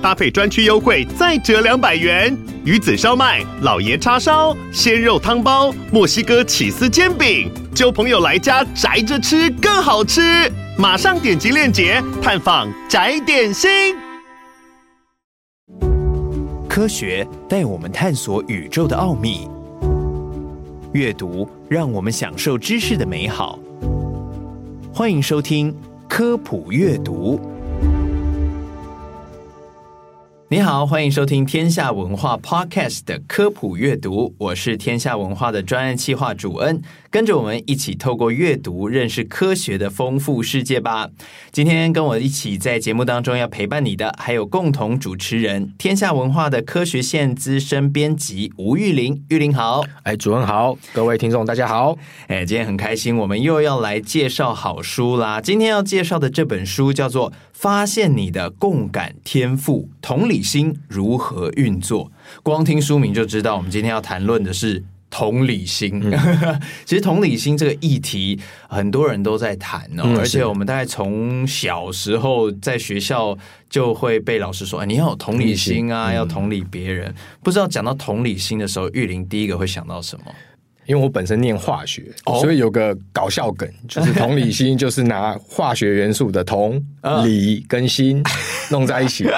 搭配專區優惠，再折兩百元。魚子燒麥、老爺叉燒、鮮肉湯包、墨西哥起司煎餅，交朋友來家宅着吃更好吃。馬上點擊鏈接探訪宅點心。科學帶我們探索宇宙的奧秘，閱讀讓我們享受知識的美好。歡迎收聽科普閱讀。你好，歡迎收聽《天下文化 Podcast》的科普閱讀，我是天下文化的專案企劃主恩，跟着我們一起透過閱讀認識科學的豐富世界吧。今天跟我一起在節目當中要陪伴你的，還有共同主持人天下文化的科學線資深編輯吳育燐，育燐好，哎，主恩好，各位聽眾大家好，哎，今天很開心，我們又要來介紹好書啦。今天要介紹的這本書叫做《發現你的共感天賦》，同理。心如何運作？光聽書名就知道，我們今天要談論的是同理心。 其實同理心這個議題，很多人都在談哦、嗯。而且我們大概從小時候在學校就會被老師說：“哎、你要有同理心啊，嗯、要同理別人。嗯”不知道講到同理心的時候，育燐第一個會想到什麼？因為我本身念化學，oh. 所以有個搞笑梗，就是同理心就是拿化學元素的銅、oh. 鋰跟鋅弄在一起，oh.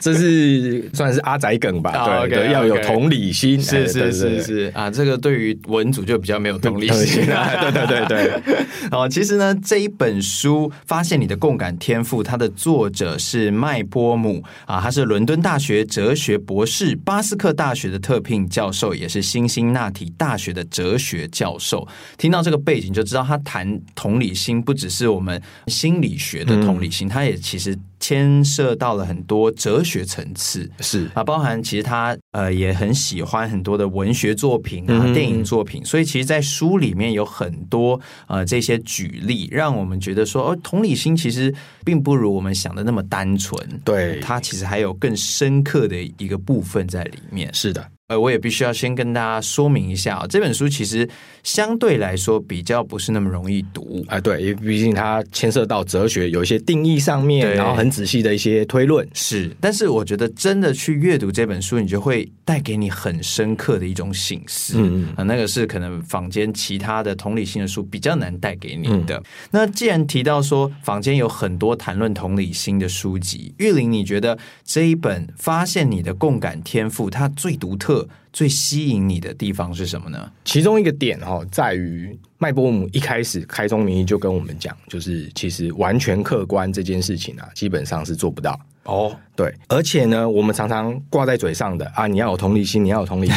這是算是阿宅梗吧？對對，oh, okay, okay. 要有同理心，是是是是，是、哎、對對對啊，這個對於文組就比較沒有同理心、啊， 對，對對對對。哦， 其實呢，這一本書發現你的共感天賦，它的作者是麥波姆啊，他是倫敦大學哲學博士，巴斯克大學的特聘教授，也是辛辛那提大學的哲學。哲學教授聽到這個背景，就知道他談同理心不只是我們心理學的同理心，嗯、他也其實牽涉到了很多哲學層次。是啊，包含其實他呃也很喜歡很多的文學作品啊、嗯、電影作品，所以其實，在書裡面有很多呃這些舉例，讓我們覺得說，哦，同理心其實並不如我們想的那麼單純。對、嗯，它其實還有更深刻的一個部分在裡面。是的。呃，我也必須要先跟大家說明一下啊、哦，這本書其實相對來說比較不是那麼容易讀。啊，對，因為畢竟它牽涉到哲學，有一些定義上面，然後很仔細的一些推論。是，但是我覺得真的去閱讀這本書，你就會帶給你很深刻的一種省思。嗯啊，那個是可能坊間其他的同理心的書比較難帶給你的、嗯。那既然提到說坊間有很多談論同理心的書籍，育燐，你覺得這一本發現你的共感天賦，它最獨特，最吸引你的地方是什麼呢？其中一個點、哦、在於麥波姆一開始開宗明義就跟我們講，就是其實完全客觀這件事情啊，基本上是做不到哦。對，而且呢，我們常常掛在嘴上的啊，你要有同理心，你要有同理心，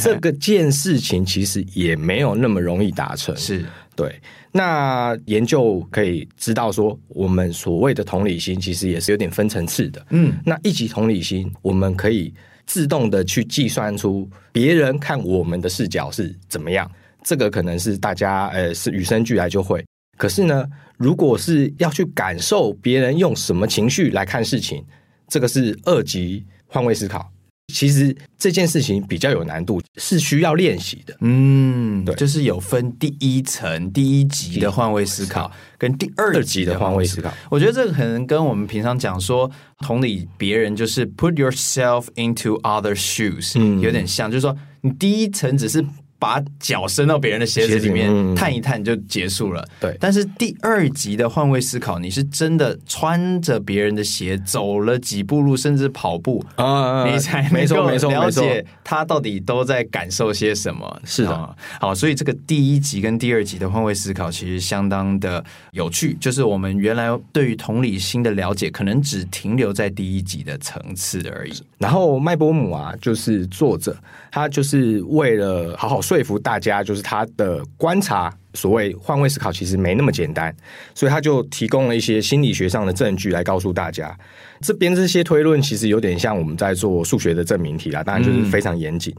這個件事情其實也沒有那麼容易達成。是，對。那研究可以知道說，我們所謂的同理心，其實也是有點分層次的。嗯，那一級同理心，我們可以。自動的去計算出別人看我們的視角是怎麼樣，這個可能是大家呃是與生俱來就會。可是呢，如果是要去感受別人用什麼情緒來看事情，這個是二級換位思考。其實這件事情比較有難度，是需要練習的。嗯。對，就是有分第一層、第一級的換位思考，跟第二級的換位思考。嗯。我覺得這個可能跟我們平常講說同理別人，就是 put yourself into other shoes。嗯，有點像，就是說你第一層只是。把腳伸到別人的鞋子裡面探一探就結束了。對，但是第二集的換位思考，你是真的穿着別人的鞋走了幾步路，甚至跑步啊，你才沒錯沒錯。了解他到底都在感受些什麼。是的。好，所以這個第一集跟第二集的換位思考其實相當的有趣。就是我們原來對於同理心的了解，可能只停留在第一集的層次而已。然後麥波姆啊，就是作者，他就是為了好好說說服大家，就是他的觀察，所謂換位思考其實沒那麼簡單，所以他就提供了一些心理學上的證據來告訴大家，這邊這些推論其實有點像我們在做數學的證明題啦，當然就是非常嚴謹。嗯。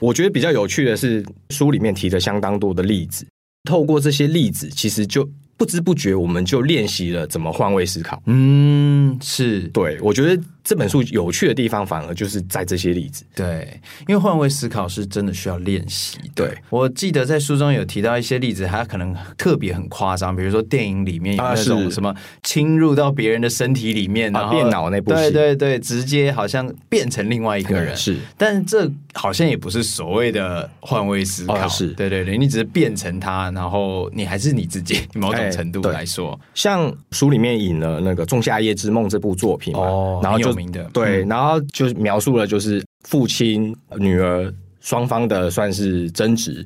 我覺得比較有趣的是，書裡面提的相當多的例子，透過這些例子，其實就。不知不覺，我們就練習了怎麼換位思考。嗯，是，對，我覺得這本書有趣的地方，反而就是在這些例子。對，因為換位思考是真的需要練習。對，我記得在書中有提到一些例子，還可能特別很誇張，比如說電影裡面有那種什麼侵入到別人的身體裡面，啊，啊變腦那部分。對對對，對，直接好像變成另外一個人。是，但這好像也不是所謂的換位思考。哦、對對對，你只是變成他，然後你還是你自己，OK。哎。 程度來說，像書裡面引了那個《仲夏夜之夢》這部作品嘛、哦、然後有名的對、嗯，然後就描述了就是父親、女兒雙方的算是爭執，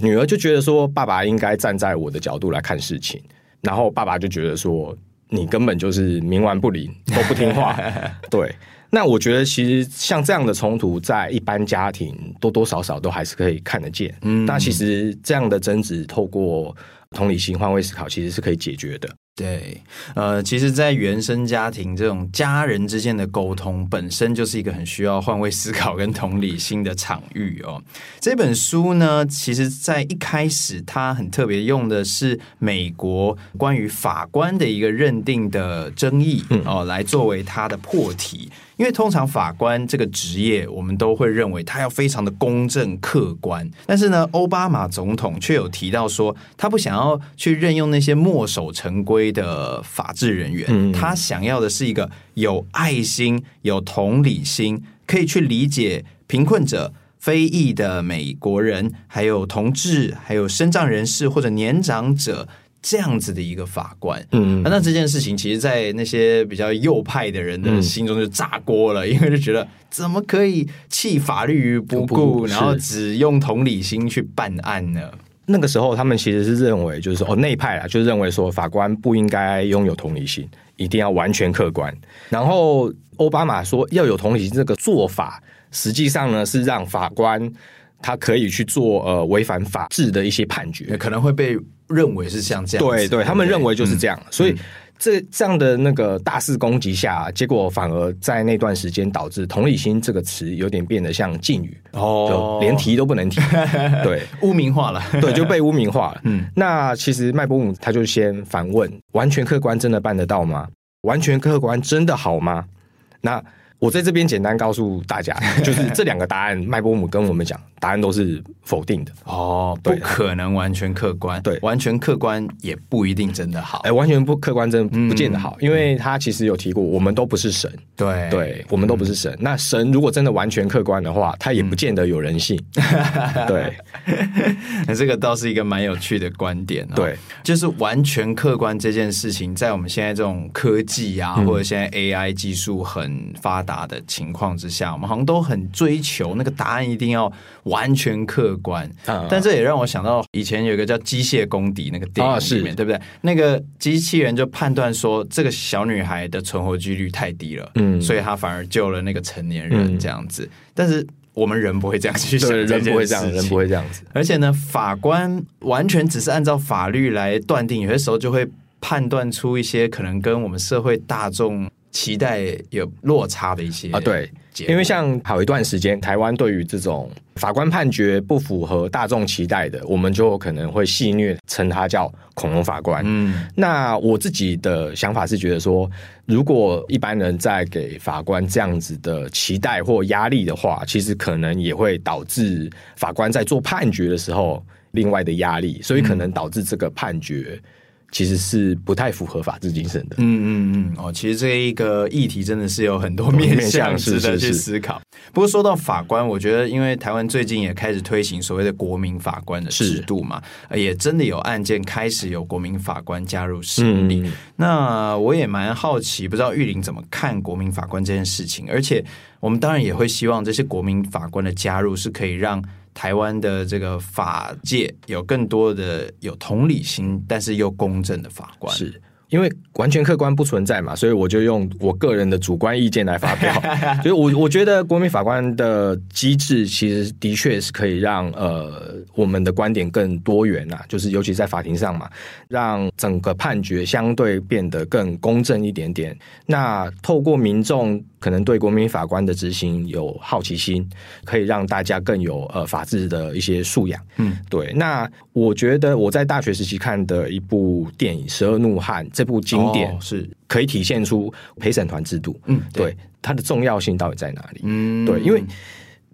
女兒就覺得說爸爸應該站在我的角度來看事情，然後爸爸就覺得說你根本就是冥頑不靈，都不聽話。 對，那我覺得其實像這樣的衝突，在一般家庭多多少少都還是可以看得見。但、嗯、那其實這樣的爭執透過。同理心、換位思考其實是可以解決的。對，呃，其實，在原生家庭這種家人之間的溝通，本身就是一個很需要換位思考跟同理心的場域哦。這本書呢，其實，在一開始，它很特別用的是美國關於法官的一個認定的爭議，嗯，哦，來作為它的破題。因為通常法官這個職業，我們都會認為他要非常的公正客觀，但是呢，歐巴馬總統卻有提到說，他不想要去任用那些墨守成規的法治人員，他想要的是一個有愛心、有同理心，可以去理解貧困者、非裔的美國人、還有同志、還有身障人士或者年長者。這樣子的一個法官，嗯，啊，那這件事情其實，在那些比較右派的人的心中就炸鍋了，嗯，因為就覺得怎麼可以棄法律於不顧，然後只用同理心去辦案呢？那個時候，他們其實是認為，就是說，哦，內派啊，就認為說法官不應該擁有同理心，一定要完全客觀。然後奧巴馬說要有同理心，這個做法實際上呢是讓法官。他可以去做呃違反法治的一些判決，可能會被認為是像這樣。對對，okay, 他們認為就是這樣。嗯、所以、嗯、這這樣的那個大肆攻擊下，結果反而在那段時間導致“同理心”這個詞有點變得像禁語哦，就連提都不能提、哦。對， 污名化了，對，就被污名化了。嗯，那其實麥波姆他就先反問：完全客觀真的辦得到嗎？完全客觀真的好嗎？那。我在這邊簡單告訴大家，就是這兩個答案，麥 波姆跟我們講，答案都是否定的哦，不可能完全客觀，對，完全客觀也不一定真的好，哎，完全不客觀真不見得好，嗯、因為他其實有提過，我們都不是神，對，對，我們都不是神，嗯、那神如果真的完全客觀的話，他也不見得有人性，嗯、 對， 那這個倒是一個蠻有趣的觀點、喔，對，就是完全客觀這件事情，在我們現在這種科技啊，嗯、或者現在 AI 技術很發達。答的情況之下，我們好像都很追求那個答案一定要完全客觀，啊啊但這也讓我想到以前有一個叫《機械公敵》那個電視裡面啊啊，對不對？那個機器人就判斷說這個小女孩的存活幾率太低了，嗯，所以他反而救了那個成年人這樣子。嗯、但是我們人不會這樣去想，是人不會這樣，人不會這樣子。而且呢，法官完全只是按照法律來斷定，有些時候就會判斷出一些可能跟我們社會大眾。期待有落差的一些、嗯啊、對，因為像好一段時間，台灣對於這種法官判決不符合大眾期待的，我們就可能會戲謔稱他叫“恐龍法官”嗯。那我自己的想法是覺得說，如果一般人在給法官這樣子的期待或壓力的話，其實可能也會導致法官在做判決的時候另外的壓力，所以可能導致這個判決。其實是不太符合法治精神的。嗯嗯嗯，哦，其實這一個議題真的是有很多面向值得去思考。 不過說到法官，我覺得因為台灣最近也開始推行所謂的國民法官的制度嘛，也真的有案件開始有國民法官加入審理，嗯。那我也蠻好奇，不知道育燐怎麼看國民法官這件事情。而且我們當然也會希望這些國民法官的加入是可以讓台灣的這個法界有更多的有同理心，但是又公正的法官，是因為完全客觀不存在嘛，所以我就用我個人的主觀意見來發表。 所以我，我我覺得國民法官的機制其實的確是可以讓呃我們的觀點更多元吶、啊，就是尤其在法庭上嘛，讓整個判決相對變得更公正一點點。那透過民眾。可能對國民法官的執行有好奇心，可以讓大家更有呃法治的一些素養。嗯，對。那我覺得我在大學時期看的一部電影《十二怒漢》這部經典、哦、是可以體現出陪審團制度。嗯對，對，它的重要性到底在哪裡？嗯，對，因為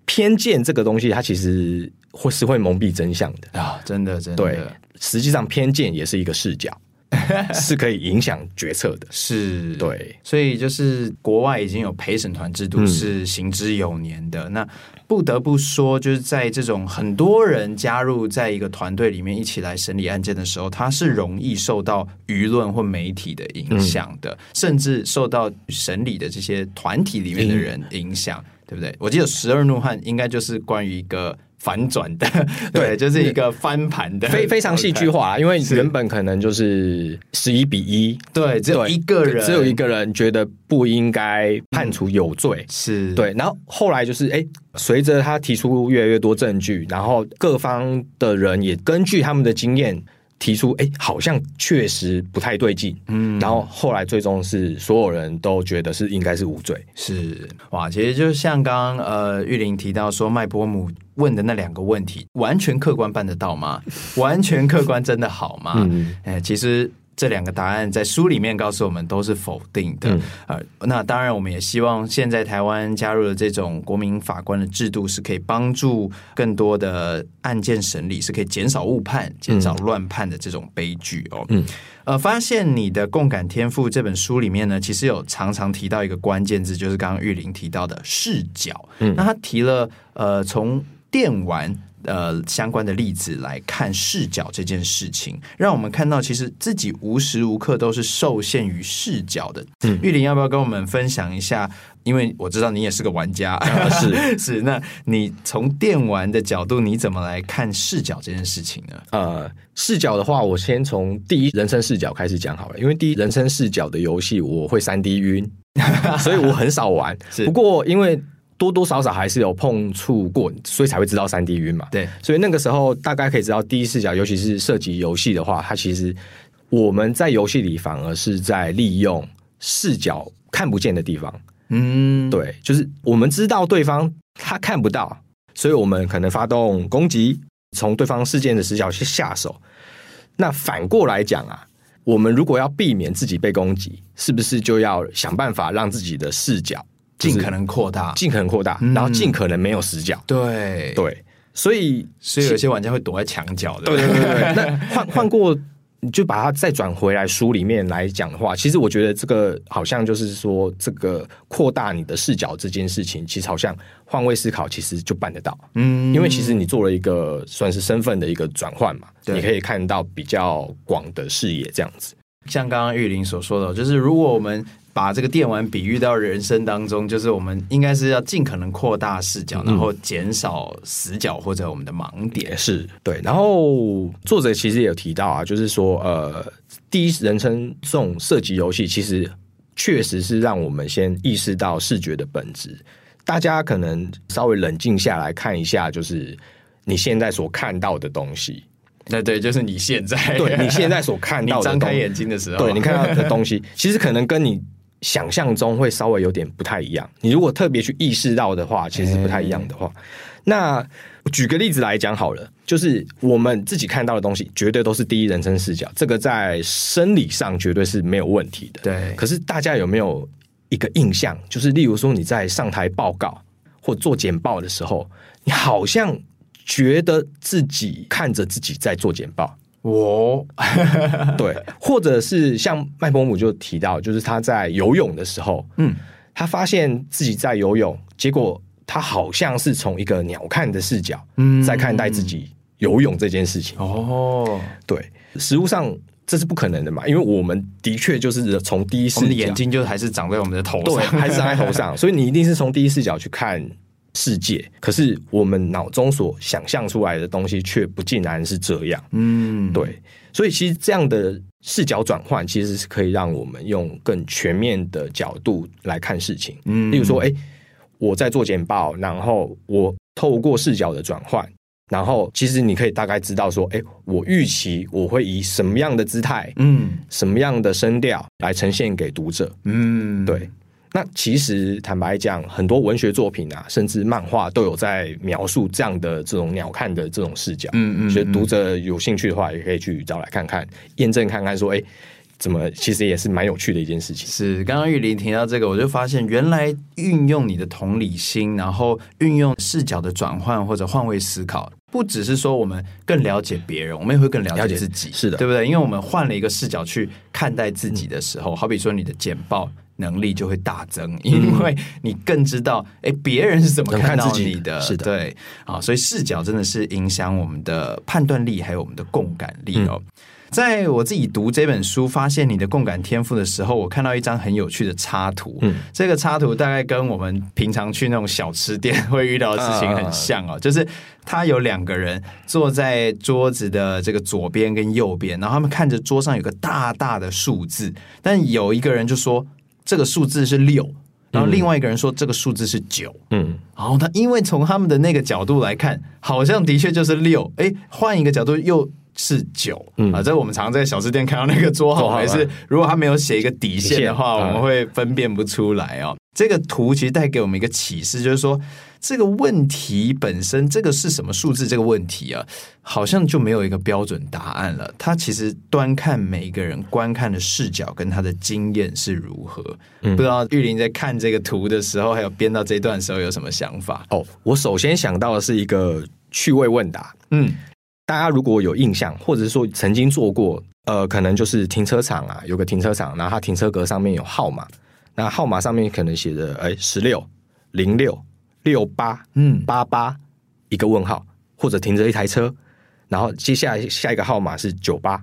偏見這個東西，它其實會是會蒙蔽真相的啊，真的，真的。對，實際上，偏見也是一個視角。 是可以影響決策的，是，對，所以就是國外已經有陪審團制度是行之有年的。嗯，那不得不說，就是在這種很多人加入在一個團隊裡面一起來審理案件的時候，它是容易受到輿論或媒體的影響的，嗯，甚至受到審理的這些團體裡面的人影響。對不對？我記得《十二怒漢》應該就是關於一個反轉的，對， 對對就是一個翻盤的，非非常戲劇化，okay, 因為原本可能就是十一比一，對，只有一個人，只有一個人覺得不應該判處有罪，嗯、是對，然後後來就是哎，隨着他提出越來越多證據，然後各方的人也根據他們的經驗。提出，哎、欸，好像確實不太對勁，嗯，然後後來最終是所有人都覺得是應該是無罪，是哇，其實就像剛剛呃育燐提到說麥波姆問的那兩個問題，完全客觀辦得到嗎？ 完全客觀真的好嗎？哎、嗯欸，其實。這兩個答案在書裡面告訴我們都是否定的。嗯、呃，那當然，我們也希望現在台灣加入了這種國民法官的制度，是可以幫助更多的案件審理，是可以減少誤判、減少亂判的這種悲劇哦。嗯，呃，發現你的共感天賦這本書裡面呢，其實有常常提到一個關鍵字，就是剛剛育燐提到的視角。嗯，那他提了呃，從電玩。呃，相關的例子來看視角這件事情，讓我們看到其實自己無時無刻都是受限於視角的。嗯，育燐要不要跟我們分享一下？因為我知道你也是個玩家，嗯、是 是。那你從電玩的角度，你怎麼來看視角這件事情呢？呃，視角的話，我先從第一人稱視角開始講好了，因為第一人稱視角的遊戲我會三 D 暈， 所以我很少玩。不過因為多多少少還是有碰觸過，所以才會知道三 D 暈嘛。對，所以那個時候大概可以知道第一視角，尤其是涉及遊戲的話，它其實我們在遊戲裡反而是在利用視角看不見的地方。嗯，對，就是我們知道對方他看不到，所以我們可能發動攻擊，從對方視線的死角去下手。那反過來講啊，我們如果要避免自己被攻擊，是不是就要想辦法讓自己的視角？盡、就是、盡可能擴大，盡可能擴大，然後盡可能沒有死角。對對，所以所以有些玩家會躲在牆角的。對對對對， 那換換過，你就把它再轉回來書裡面來講的話，其實我覺得這個好像就是說，這個擴大你的視角這件事情，其實好像換位思考，其實就辦得到。嗯，因為其實你做了一個算是身份的一個轉換嘛，你可以看到比較廣的視野，這樣子。像剛剛育燐所說的，就是如果我們把這個電玩比喻到人生當中，就是我們應該是要盡可能擴大視角，嗯，然後減少死角或者我們的盲點。是對。然後作者其實也有提到啊，就是說，呃，第一人稱這種射擊遊戲，其實確實是讓我們先意識到視覺的本質。大家可能稍微冷靜下來看一下，就是你現在所看到的東西。那對，就是你現在對你現在所看到的，張 開眼睛的時候，對你看到的東西，其實可能跟你想象中會稍微有點不太一樣。你如果特別去意識到的話，其實不太一樣的話，欸、那舉個例子來講好了，就是我們自己看到的東西絕對都是第一人稱視角，這個在生理上絕對是沒有問題的。對。可是大家有沒有一個印象，就是例如說你在上台報告或做簡報的時候，你好像覺得自己看着自己在做簡報。我、oh. 對，或者是像麥波姆就提到，就是他在游泳的時候，嗯，他發現自己在游泳，結果他好像是從一個鳥瞰的視角，嗯，在看待自己游泳這件事情。哦、嗯嗯，對，實務上這是不可能的嘛，因為我們的確就是從第一視角，我們的眼睛就是還是長在我們的頭上，對，還是長在頭上， 所以你一定是從第一視角去看。世界，可是我們腦中所想象出來的東西卻不盡然是這樣。嗯，對。所以其實這樣的視角轉換，其實是可以讓我們用更全面的角度來看事情。嗯，例如說，哎、欸，我在做簡報，然後我透過視角的轉換，然後其實你可以大概知道說，哎、欸，我預期我會以什麼樣的姿態，嗯，什麼樣的聲調來呈現給讀者。嗯，對。那其實坦白講，很多文學作品啊，甚至漫畫都有在描述這樣的這種鳥瞰的這種視角。嗯嗯，嗯，所以讀者有興趣的話，也可以去找來看看，驗證看看說，說、欸、哎，怎麼其實也是蠻有趣的一件事情。是，剛剛育燐提到這個，我就發現原來運用你的同理心，然後運用視角的轉換或者換位思考，不只是說我們更了解別人，我們也會更了解自己。是的，對不對？因為我們換了一個視角去看待自己的時候，嗯、好比說你的簡報。能力就會大增，因為你更知道，哎，別人是怎麼看到你的，是的，對，啊，所以視角真的是影響我們的判斷力，還有我們的共感力哦，嗯。在我自己讀這本書，發現你的共感天賦的時候，我看到一張很有趣的插圖，嗯，這個插圖大概跟我們平常去那種小吃店會遇到的事情很像哦，啊，就是他有兩個人坐在桌子的這個左邊跟右邊，然後他們看着桌上有個大大的數字，但有一個人就說。這個數字是六，然後另外一個人說這個數字是九，嗯，然後他因為從他們的那個角度來看，好像的確就是六，哎，換一個角度又是九，嗯，啊，這個，我們常在小吃店看到那個桌號也是，啊，如果他沒有寫一個底線的話，我們會分辨不出來啊，哦嗯。這個圖其實帶給我們一個啟示，就是說。這個問題本身，這個是什麼數字？這個問題啊，好像就沒有一個標準答案了。它其實端看每一個人觀看的視角跟他的經驗是如何。嗯，不知道育燐在看這個圖的時候，還有編到這段時候有什麼想法？哦，oh，我首先想到的是一個趣味問答。嗯，大家如果有印象，或者是說曾經做過，呃，可能就是停車場啊，有個停車場，然後它停車格上面有號碼，那號碼上面可能寫着“哎，十六零六”。六八，嗯，八八一個問號，嗯、或者停着一台車，然後接下來下一個號碼是九八，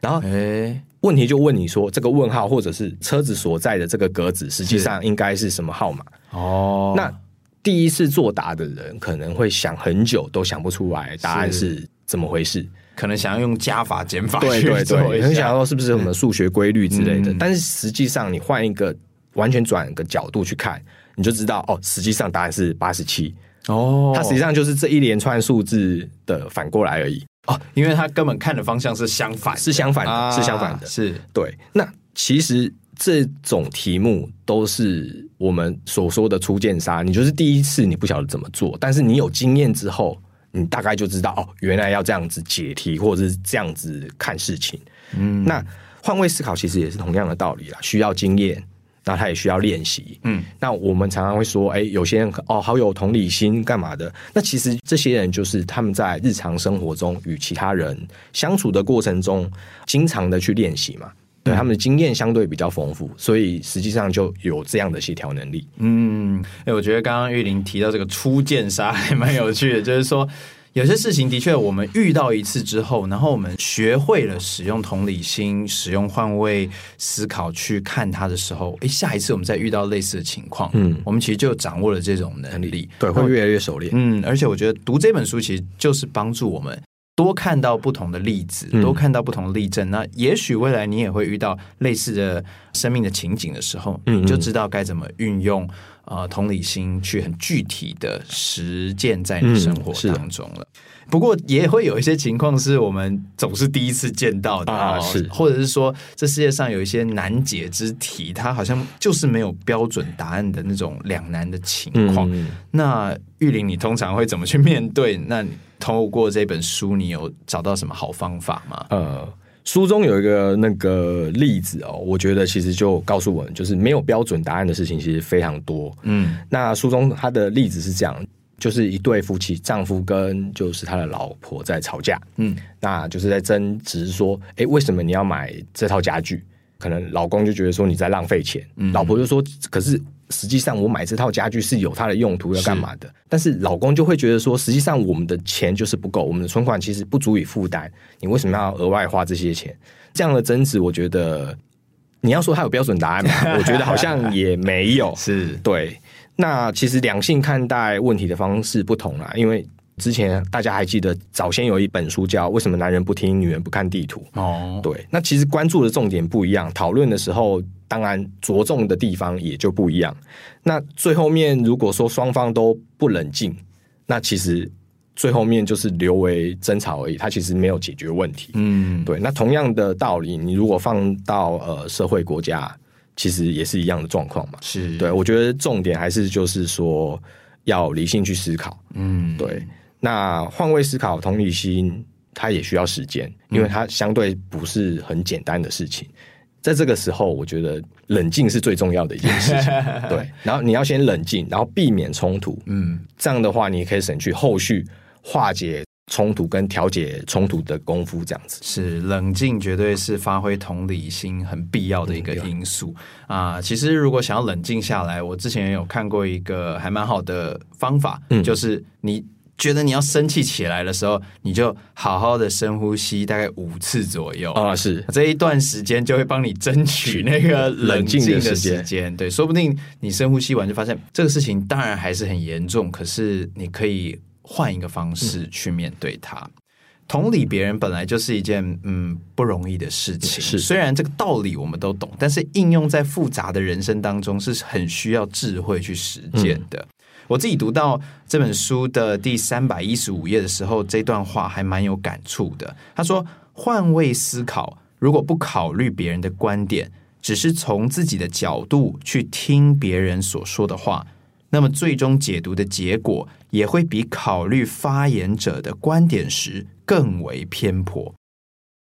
然後，誒，問題就問你說，這個問號或者是車子所在的這個格子，實際上應該是什麼號碼？哦，那第一次作答的人可能會想很久都想不出來答案是怎麼回事，可能想要用加法減法， 對，對對對，很想要說是不是什麼數學規律之類的，嗯、但是實際上你換一個完全轉個角度去看。你就知道哦，實際上答案是八十七哦，它實際上就是這一連串數字的反過來而已哦，因為它根本看的方向是相反，是相反，啊，是相反的，是對。那其實這種題目都是我們所說的初見殺，你就是第一次你不曉得怎麼做，但是你有經驗之後，你大概就知道哦，原來要這樣子解題，或者是這樣子看事情。嗯，那換位思考其實也是同樣的道理啦，需要經驗。那他也需要練習，嗯，那我們常常會說，哎、欸，有些人哦，好有同理心，幹嘛的？那其實這些人就是他們在日常生活中與其他人相處的過程中，經常的去練習嘛，對、嗯，他們的經驗相對比較豐富，所以實際上就有這樣的協調能力。嗯，哎、欸，我覺得剛剛育燐提到這個初見殺還蠻有趣的， 就是說。有些事情的確，我們遇到一次之後，然後我們學會了使用同理心、使用換位思考去看它的時候，誒、欸，下一次我們再遇到類似的情況，嗯，我們其實就掌握了這種能力，對，會越來越熟練，嗯。而且我覺得讀這本書其實就是幫助我們多看到不同的例子，多看到不同的例證。嗯、那也許未來你也會遇到類似的生命的情景的時候，你就知道該怎麼運用。啊、呃，同理心去很具體的實踐在你生活當中了，嗯。不過也會有一些情況是我們總是第一次見到的，啊哦、或者是說這世界上有一些難解之題，它好像就是沒有標準答案的那種兩難的情況。嗯嗯，那育燐，你通常會怎麼去面對？那你透過這本書，你有找到什麼好方法嗎？呃。書中有一個那個例子哦，我覺得其實就告訴我們，就是沒有標準答案的事情其實非常多。嗯，那書中他的例子是這樣，就是一對夫妻，丈夫跟就是他的老婆在吵架，嗯，那就是在爭執說，哎，為什麼你要買這套家具？可能老公就覺得說你在浪費錢，嗯，老婆就說，可是。實際上，我買這套家具是有它的用途要幹嘛的，但是老公就會覺得說，實際上我們的錢就是不夠，我們的存款其實不足以負擔，你為什麼要額外花這些錢？嗯、這樣的爭執，我覺得你要說它有標準答案嗎？ 我覺得好像也沒有。 是對，那其實兩性看待問題的方式不同啦，因為之前大家還記得早先有一本書叫《為什麼男人不聽女人不看地圖》哦，對，那其實關注的重點不一樣，討論的時候。當然，着重的地方也就不一樣。那最後面，如果說雙方都不冷靜，那其實最後面就是淪為爭吵而已。它其實沒有解決問題。嗯，對。那同樣的道理，你如果放到呃社會國家，其實也是一樣的狀況嘛。是，對。我覺得重點還是就是說要理性去思考。嗯，對。那換位思考、同理心，它也需要時間，因為它相對不是很簡單的事情。在這個時候，我覺得冷靜是最重要的一件事情。 對，然後你要先冷靜，然後避免衝突。嗯，這樣的話，你可以省去後續化解衝突跟調解衝突的功夫。這樣子是冷靜，絕對是發揮同理心很必要的一個因素。嗯、對啊，啊。其實，如果想要冷靜下來，我之前有看過一個還蠻好的方法，嗯、就是你，覺得你要生氣起來的時候，你就好好的深呼吸，大概五次左右啊、哦。是這一段時間就會幫你爭取那個冷靜的時間。對，說不定你深呼吸完就發現，這個事情當然還是很嚴重，可是你可以換一個方式去面對它。嗯、同理，別人本來就是一件嗯不容易的事情。是，雖然這個道理我們都懂，但是應用在複雜的人生當中，是很需要智慧去實踐的。嗯我自己讀到這本書的第三百一十五頁的時候，這段話還蠻有感觸的。他說：“換位思考，如果不考慮別人的觀點，只是從自己的角度去聽別人所說的話，那麼最終解讀的結果也會比考慮發言者的觀點時更為偏頗。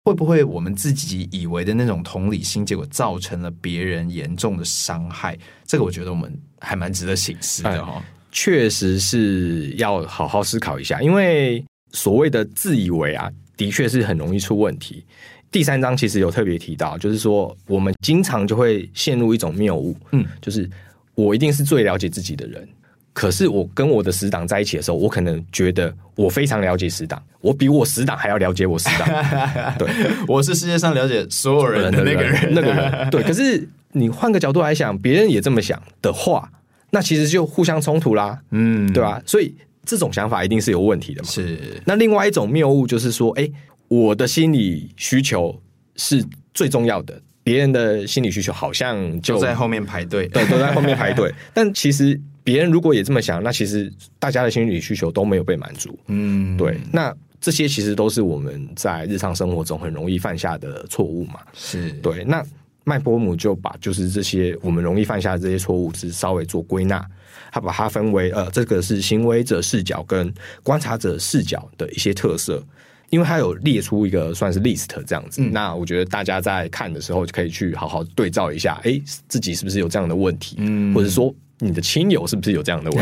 會不會我們自己以為的那種同理心，結果造成了別人嚴重的傷害？這個我覺得我們還蠻值得省思的。哎”確實是要好好思考一下，因為所謂的自以為啊，的確是很容易出問題。第三章其實有特別提到，就是說我們經常就會陷入一種謬誤，嗯，就是我一定是最了解自己的人，可是我跟我的死黨在一起的時候，我可能覺得我非常了解死黨，我比我死黨還要了解我死黨， 對，我是世界上了解所有人的那個人， 那個人，那個人，對。可是你換個角度來想，別人也這麼想的話。那其實就互相衝突啦，嗯，對吧？所以這種想法一定是有問題的嘛。是。那另外一種謬誤就是說，哎、欸，我的心理需求是最重要的，別人的心理需求好像就，就在後面排隊，對，都在後面排隊。 但其實別人如果也這麼想，那其實大家的心理需求都沒有被滿足。嗯，對。那這些其實都是我們在日常生活中很容易犯下的錯誤嘛。是對。那。麥波姆就把就是這些我們容易犯下的這些錯誤，只是稍微做歸納。他把它分為呃，這個是行為者視角跟觀察者視角的一些特色，因為他有列出一個算是 list 這樣子。嗯、那我覺得大家在看的時候，就可以去好好對照一下，哎、欸，自己是不是有這樣的問題，或者說。嗯你的親友是不是有這樣的問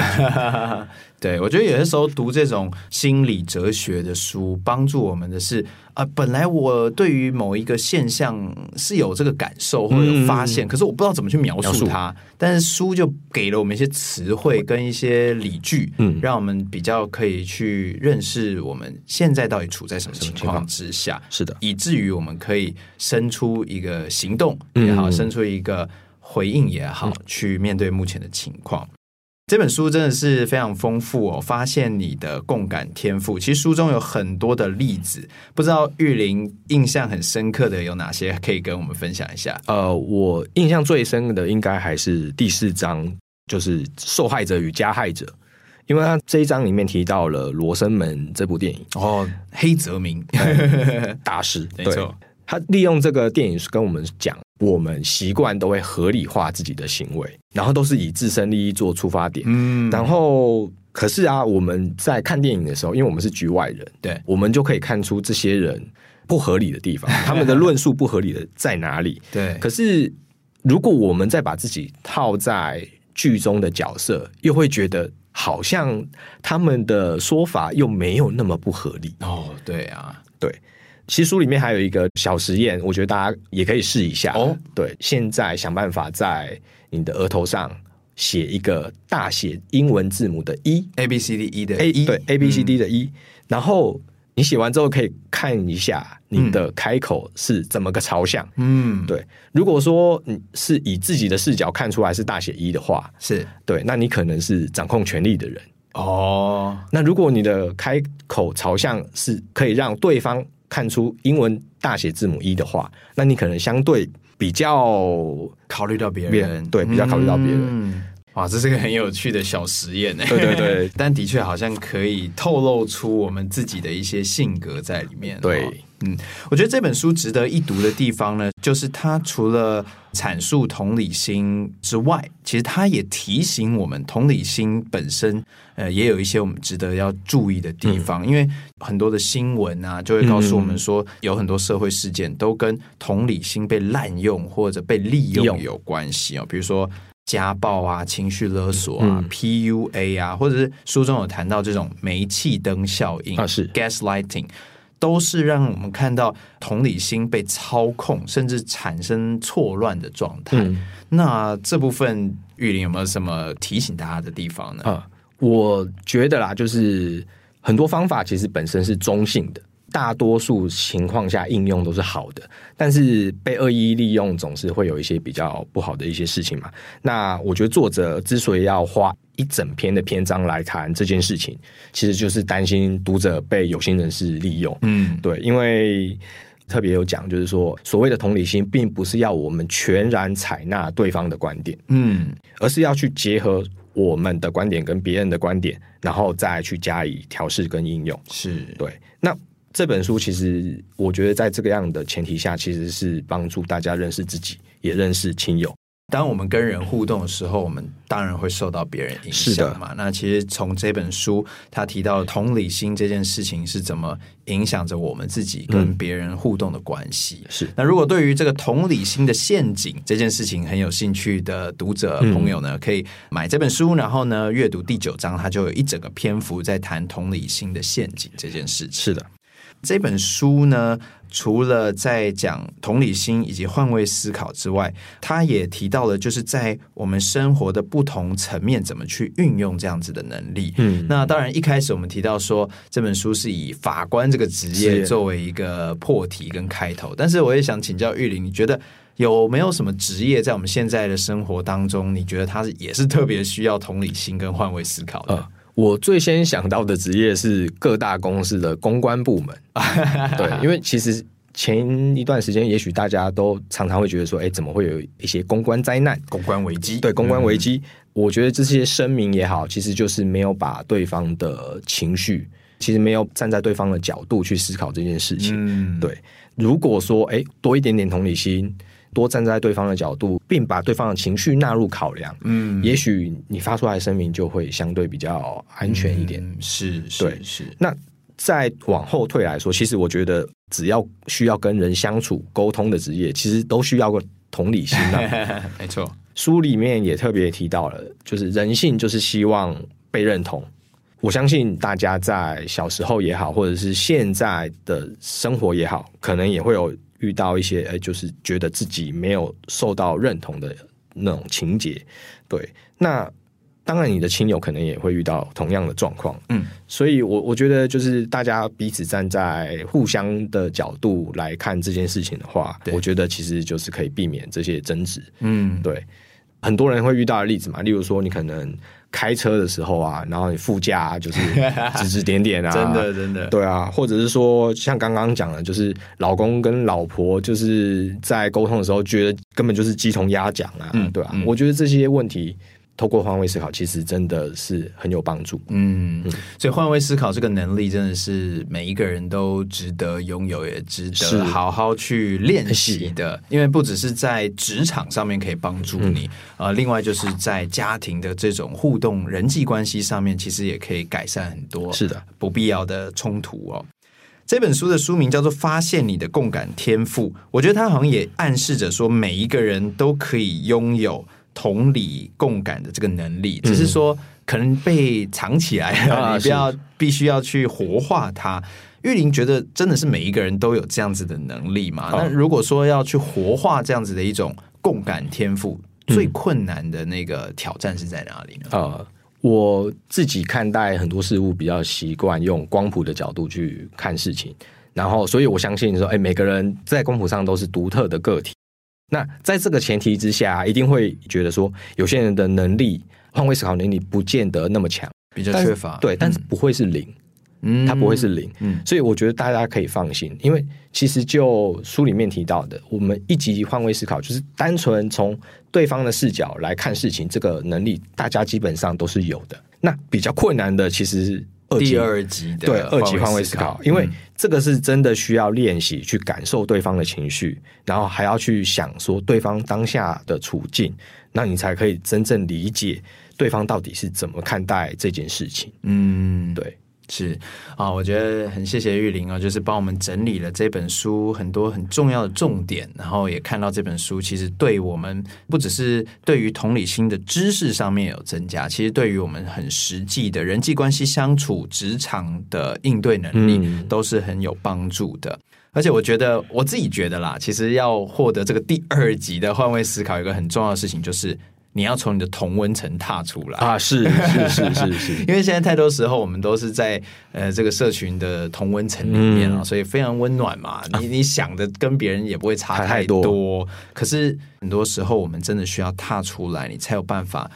題？ 對，我覺得有的時候讀這種心理哲學的書，幫助我們的是啊、呃，本來我對於某一個現象是有這個感受或者有發現、嗯，可是我不知道怎麼去描述它描述。但是書就給了我們一些詞彙跟一些理據，嗯，讓我們比較可以去認識我們現在到底處在什麼情況之下。是的，以至於我們可以生出一個行動、嗯、也好，生出一個。回應也好，嗯，去面對目前的情況。這本書真的是非常豐富哦，發現你的共感天賦。其實書中有很多的例子，不知道育燐印象很深刻的有哪些，可以跟我們分享一下？呃，我印象最深的應該還是第四章，就是受害者與加害者，因為他這一章裡面提到了《羅生門》這部電影哦，黑澤明、嗯、 大師，沒錯，他利用這個電影跟我們講。我們習慣都會合理化自己的行為，然後都是以自身利益做出發點。嗯，然後可是啊，我們在看電影的時候，因為我們是局外人，對，我們就可以看出這些人不合理的地方，啊，他們的論述不合理的在哪裡？對。可是，如果我們再把自己套在劇中的角色，又會覺得好像他們的說法又沒有那麼不合理。哦，對啊，對。其實書裡面還有一個小實驗，我覺得大家也可以試一下。哦，對，現在想辦法在你的額頭上寫一個大寫英文字母的 E，A B C D E，對，A B C D 的 E，嗯，然後你寫完之後可以看一下你的開口是怎麼個朝向。嗯，對。如果說你是以自己的視角看出來是大寫 E 的話，是對，那你可能是掌控權力的人。哦，那如果你的開口朝向是可以讓對方。看出英文大寫字母 E 的話，那你可能相對比較考慮到別人，別人，對，比較考慮到別人，嗯、哇，這是一個很有趣的小實驗，對對對， 但的確好像可以透露出我們自己的一些性格在裡面，對。哦嗯，我覺得這本書值得一讀的地方呢，就是它除了闡述同理心之外，其實它也提醒我們，同理心本身呃也有一些我們值得要注意的地方，嗯。因為很多的新聞啊，就會告訴我們說，嗯，有很多社會事件都跟同理心被濫用或者被利用有關係哦，比如說家暴啊、情緒勒索啊、嗯、PUA 啊，或者是書中有談到這種煤氣燈效應啊，是 gas lighting。都是讓我們看到同理心被操控，甚至產生錯亂的狀態。嗯。那這部分育燐有沒有什麼提醒大家的地方呢？嗯。我覺得啦，就是很多方法其實本身是中性的。大多數情況下，應用都是好的，但是被惡意利用，總是會有一些比較不好的一些事情嘛。那我覺得作者之所以要花一整篇的篇章來談這件事情，其實就是擔心讀者被有心人士利用。嗯，對，因為特別有講，就是說所謂的同理心，並不是要我們全然採納對方的觀點，嗯，而是要去結合我們的觀點跟別人的觀點，然後再去加以調試跟應用。是。對。這本書其實，我覺得在這個樣的前提下，其實是幫助大家認識自己，也認識親友。當我們跟人互動的時候，我們當然會受到別人影響嘛。是的。那其實從這本書，他提到同理心這件事情是怎麼影響着我們自己跟別人互動的關係。是、嗯、那如果對於這個同理心的陷阱這件事情很有興趣的讀者朋友呢，嗯、可以買這本書，然後呢閱讀第九章，他就有一整個篇幅在談同理心的陷阱這件事情。是的。這本書呢，除了在講同理心以及換位思考之外，它也提到了，就是在我們生活的不同層面，怎麼去運用這樣子的能力。嗯，那當然一開始我們提到說，這本書是以法官這個職業作為一個破題跟開頭。是但是，我也想請教育燐，你覺得有沒有什麼職業在我們現在的生活當中，你覺得它是也是特別需要同理心跟換位思考的？Uh. 我最先想到的職業是各大公司的公關部門， 對，因為其實前一段時間，也許大家都常常會覺得說，哎、欸，怎麼會有一些公關災難、公關危機？對，公關危機、嗯，我覺得這些聲明也好，其實就是沒有把對方的情緒，其實沒有站在對方的角度去思考這件事情。嗯、對，如果說，哎、欸，多一點點同理心。多站在對方的角度，並把對方的情緒納入考量。嗯，也許你發出來的聲明就會相對比較安全一點。嗯，是，對。是，是。那再往後退來說，其實我覺得，只要需要跟人相處、溝通的職業，其實都需要個同理心的啊。 沒錯，書裡面也特別提到了，就是人性就是希望被認同。我相信大家在小時候也好，或者是現在的生活也好，可能也會有。遇到一些，欸，就是覺得自己沒有受到認同的那種情節，對。那當然，你的親友可能也會遇到同樣的狀況，嗯。所以我我覺得，就是大家彼此站在互相的角度來看這件事情的話，我覺得其實就是可以避免這些爭執，嗯，對。很多人會遇到的例子嘛，例如說，你可能。開車的時候啊，然後你副駕，啊，就是指指點點啊， 真的真的，對啊，或者是說像剛剛講的，就是老公跟老婆就是在溝通的時候，覺得根本就是雞同鴨講啊，嗯，對啊，嗯，我覺得這些問題。透過換位思考，其實真的是很有幫助。嗯，所以換位思考這個能力，真的是每一個人都值得擁有，也值得好好去練習的。因為不只是在職場上面可以幫助你啊、嗯呃，另外就是在家庭的這種互動、人際關係上面，其實也可以改善很多。是的，不必要的衝突哦。這本書的書名叫做《發現你的共感天賦》，我覺得它好像也暗示着說，每一個人都可以擁有。同理共感的這個能力，只是說可能被藏起來、嗯、不要、啊、必須要去活化它。育燐覺得真的是每一個人都有這樣子的能力嘛？那、啊、如果說要去活化這樣子的一種共感天賦，最困難的那個挑戰是在哪裡呢？呃、嗯啊，我自己看待很多事物比較習慣用光譜的角度去看事情，然後所以我相信說，哎、欸，每個人在光譜上都是獨特的個體。那在這個前提之下，一定會覺得說，有些人的能力換位思考能力不見得那麼強，比較缺乏。對，但是不會是零，嗯，它不會是零，嗯，所以我覺得大家可以放心，因為其實就書裡面提到的，我們一級換位思考，就是單純從對方的視角來看事情，這個能力大家基本上都是有的。那比較困難的，其實是，二第二級的，對，二級換位思考，因為這個是真的需要練習去感受對方的情緒，嗯，然後還要去想說對方當下的處境，那你才可以真正理解對方到底是怎麼看待這件事情。嗯，對。是啊，我覺得很謝謝育燐啊，就是幫我們整理了這本書很多很重要的重點，然後也看到這本書其實對我們不只是對於同理心的知識上面有增加，其實對於我們很實際的人際關係相處、職場的應對能力都是很有幫助的。嗯。而且我覺得我自己覺得啦，其實要獲得這個第二級的換位思考，一個很重要的事情就是。你要從你的同溫層踏出來啊！是是是是，是 因為現在太多時候我們都是在呃這個社群的同溫層裡面啊、嗯，所以非常溫暖嘛。啊、你你想的跟別人也不會差太多、太多，可是很多時候我們真的需要踏出來，你才有辦法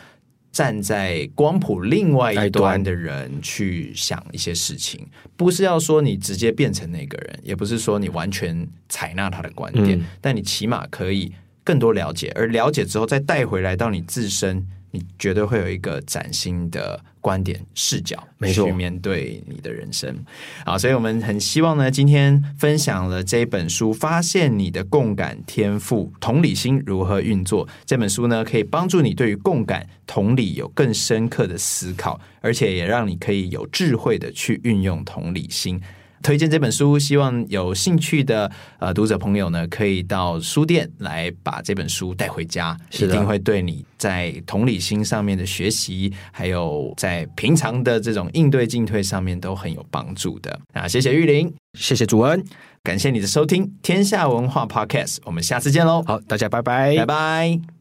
站在光譜另外一端的人去想一些事情。不是要說你直接變成那個人，也不是說你完全採納他的觀點，嗯、但你起碼可以。更多了解，而了解之後再帶回來到你自身，你絕對會有一個嶄新的觀點視角，沒錯。去面對你的人生，好，所以我們很希望呢，今天分享了這一本書《發現你的共感天賦：同理心如何運作》這本書呢，可以幫助你對於共感、同理有更深刻的思考，而且也讓你可以有智慧的去運用同理心。推薦這本書，希望有興趣的呃讀者朋友呢，可以到書店來把這本書帶回家。是的，一定會對你在同理心上面的學習，還有在平常的這種應對進退上面都很有幫助的啊！謝謝育燐，謝謝朱恩，感謝你的收聽《天下文化 Podcast》，我們下次見嘍！好，大家拜拜，拜拜。